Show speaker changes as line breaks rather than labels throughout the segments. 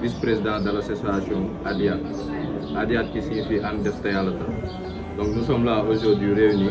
vice-président de l'association ADIAT. ADIAT qui signifie Anne Destayalat. Donc nous sommes là aujourd'hui réunis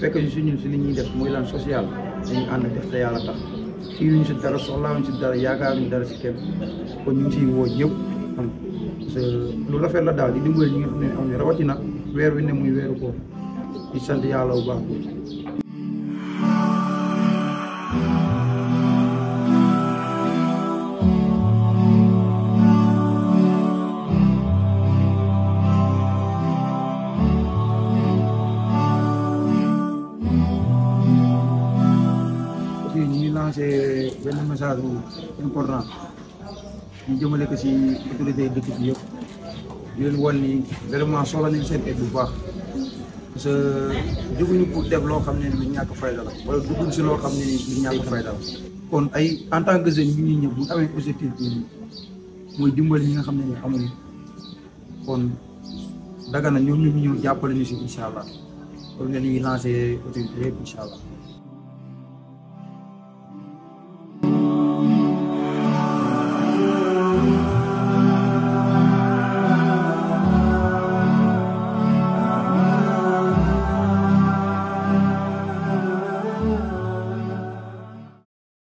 fekk ñu si ñun si li ñuy def muy lan social ñu ànd def te yàlla tax fii ñu si dara soxlaawuñ si dara yaakaaruñ dara si kenn kon ñu ngi siy woo ñëpp parce que lu rafet la daal di dimbali ñi nga xam am ne rawatina weer wi ne muy weeru ko di sant yàlla bu baax lancé benn message bu important ñu jëmale ko si autorité yi dëkk bi yëpp di leen ni vraiment soxla nañ seen aide bu baax parce que dugguñu pour def loo xam ne lu ñàkk fayda la wala dugguñ si loo xam ne lu ñàkk fayda kon ay en tant que jeune ñu ni ñëpp bu amee objectif bi mooy dimbali ñi nga xam ne ñu amuñu kon daga na ñoom ñu ñëw jàppale ñu si incha allah kon nga ñuy lancé autorité yëpp incha allah